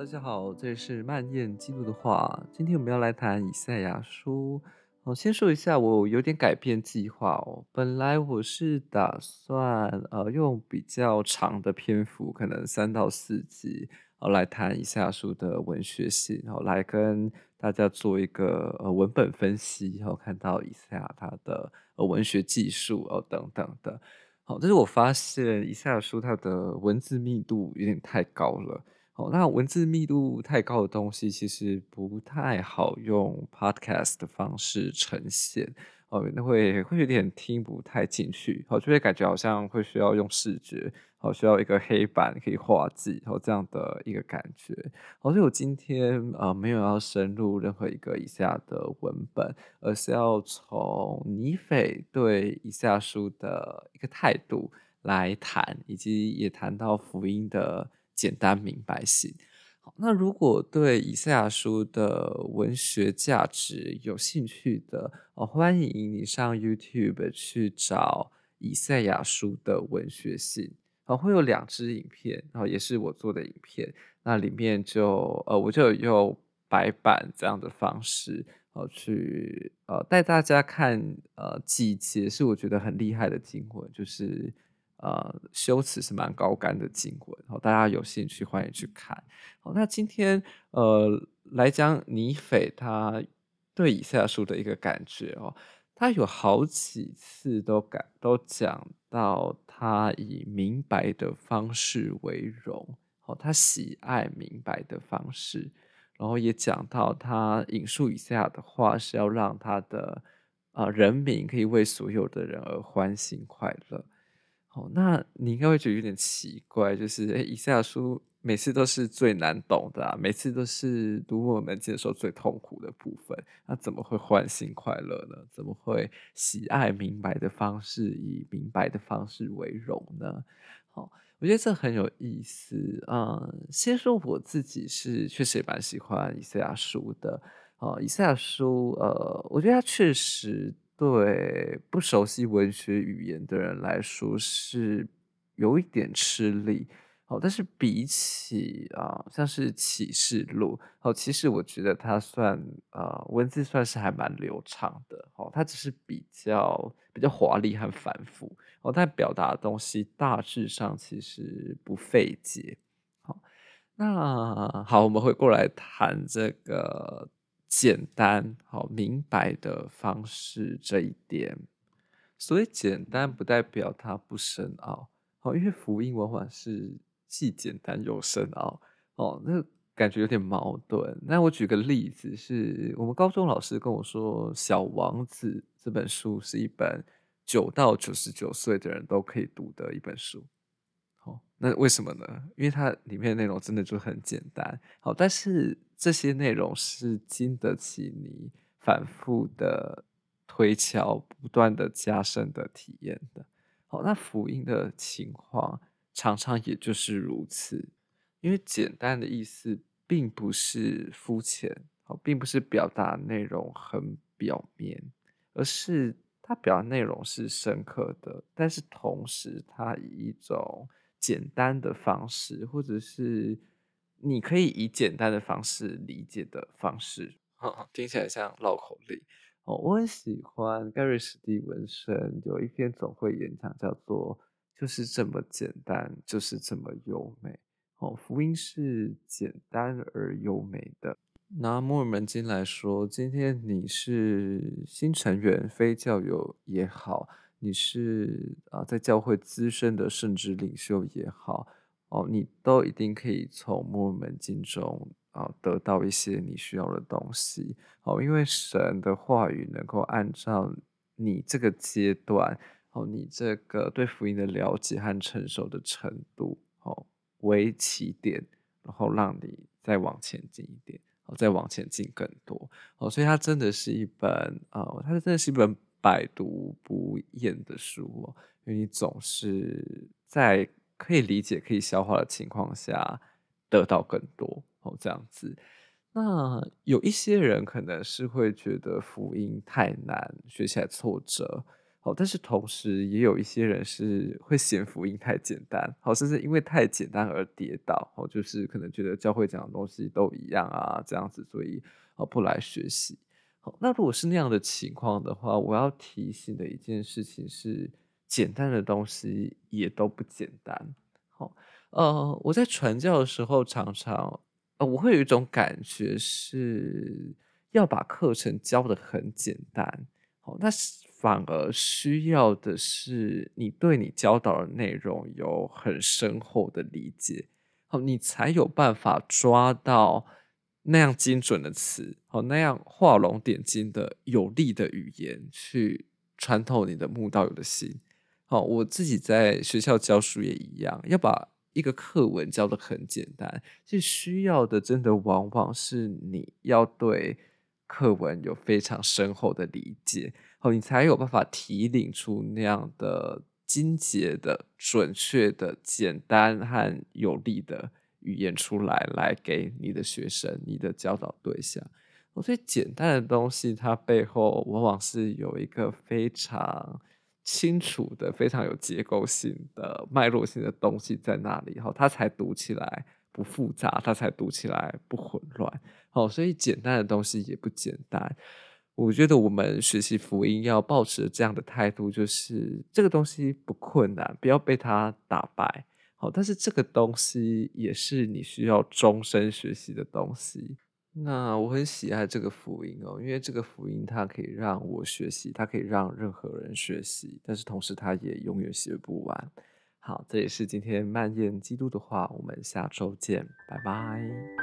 大家好，這裡是曼燕記錄的話。今天我們要來談以賽亞書。哦，先說一下，我有點改變計劃哦。本來我是打算呃用比較長的篇幅，可能三到四集，哦、呃、來談以賽亞書的文學性，然、呃、後來跟大家做一個呃文本分析，然、呃、後看到以賽亞他的文學技術哦、呃、等等的。好、呃，但是我發現以賽亞書它的文字密度有點太高了。哦，那文字密度太高的東西，其實不太好用 podcast 的方式呈現哦，那會會有點聽不太進去哦，就會感覺好像會需要用視覺哦，需要一個黑板可以畫字，然後，哦，這樣的一個感覺。好，哦，所以我今天呃，沒有要深入任何一個以賽亞的文本，而是要從尼斐對以賽亞書的一個態度來談，以及也談到福音的。簡單明白型。好，那如果對以賽亞書的文學價值有興趣的，呃，歡迎你上 YouTube 去找以賽亞書的文學性。啊、呃，會有兩支影片，然、呃、後也是我做的影片。那裡面就呃，我就有用白板這樣的方式，哦、呃，去呃帶大家看呃幾節，是我覺得很厲害的經文，就是。呃，修辭是蠻高干的經文，然後大家有興趣歡迎去看。好，那今天呃來講尼斐他對以賽亞書的一個感覺哦，他有好幾次都感都講到他以明白的方式為榮，哦，他喜愛明白的方式，然後也講到他引述以賽亞的話是要讓他的啊、呃、人民可以為所有的人而歡欣快樂。哦，那你應該會覺得有點奇怪，就是、欸、以賽亞書每次都是最難懂的，啊，每次都是讀我們接受最痛苦的部分。那怎麼會歡欣快樂呢？怎麼會喜愛明白的方式，以明白的方式為榮呢？好，哦，我覺得這很有意思。嗯，先說我自己是確實也蠻喜歡以賽亞書的。哦，以賽亞書，呃，我覺得它確實。對不熟悉文學語言的人來說是有一點吃力哦，但是比起啊、呃、像是啟示錄哦，其實我覺得它算啊、呃、文字算是還蠻流暢的哦，它只是比較比較華麗和繁複哦，它表達的東西大致上其實不費解。好、哦，那好，我們回過來談這個。簡單好明白的方式，這一點，所以簡單不代表它不深奧哦，因為福音往往是既簡單又深奧哦，那個、感覺有點矛盾。那我舉個例子是，是我們高中老師跟我說，《小王子》這本書是一本九到九十九歲的人都可以讀的一本書。那為什麼呢？因為它裡面的內容真的就很簡單。好，但是這些內容是經得起你反覆的推敲、不斷的加深的體驗的。好，那福音的情況常常也就是如此。因為簡單的意思，並不是膚淺，好，並不是表達內容很表面，而是它表達內容是深刻的。但是同時，它以一種簡單的方式，或者是你可以以簡單的方式理解的方式，聽起來像繞口令哦。我很喜歡蓋瑞史蒂文森有一篇總會演講，叫做“就是這麼簡單，就是這麼優美”。哦，福音是簡單而優美的。拿摩爾門經來說，今天你是新成員、非教友也好。你是啊，在教會資深的聖職領袖也好，哦，你都一定可以從摩爾門經中啊得到一些你需要的東西，哦，因為神的話語能夠按照你這個階段，哦，你這個對福音的了解和成熟的程度，哦，為起點，然後讓你再往前進一點，哦，再往前進更多，哦，所以它真的是一本啊，哦，它真的是一本。百讀不厭的書，因為你總是在可以理解、可以消化的情況下得到更多哦。這樣子，那有一些人可能是會覺得福音太難，學起來挫折哦。但是同時也有一些人是會嫌福音太簡單，好、哦、甚至因為太簡單而跌倒。哦，就是可能覺得教會講的東西都一樣啊，這樣子，所以哦不來學習。那如果是那樣的情況的話，我要提醒的一件事情是：簡單的東西也都不簡單。好，呃，我在傳教的時候，常常、呃、我會有一種感覺是要把課程教得很簡單。好，那反而需要的是你對你教導的內容有很深厚的理解。好，你才有辦法抓到。那樣精準的詞，哦，那樣畫龍點睛的有力的語言，去穿透你的慕道友的心。好，我自己在學校教書也一樣，要把一個課文教得很簡單，這需要的真的往往是你要對課文有非常深厚的理解，哦，你才有辦法提煉出那樣的精簡的、準確的、簡單和有力的。語言出來，來給你的學生、你的教導對象。我、哦、最簡單的東西，它背後往往是有一個非常清楚的、非常有結構性的、脈絡性的東西在那裡。然後、哦，它才讀起來不複雜，它才讀起來不混亂。哦，所以簡單的東西也不簡單。我覺得我們學習福音要抱持這樣的態度，就是這個東西不困難，不要被它打敗。好，但是這個東西也是你需要終身學習的東西。那我很喜愛這個福音哦，因為這個福音它可以讓我學習，它可以讓任何人學習，但是同時它也永遠學不完。好，這也是今天漫延基督的話，我們下周見，拜拜。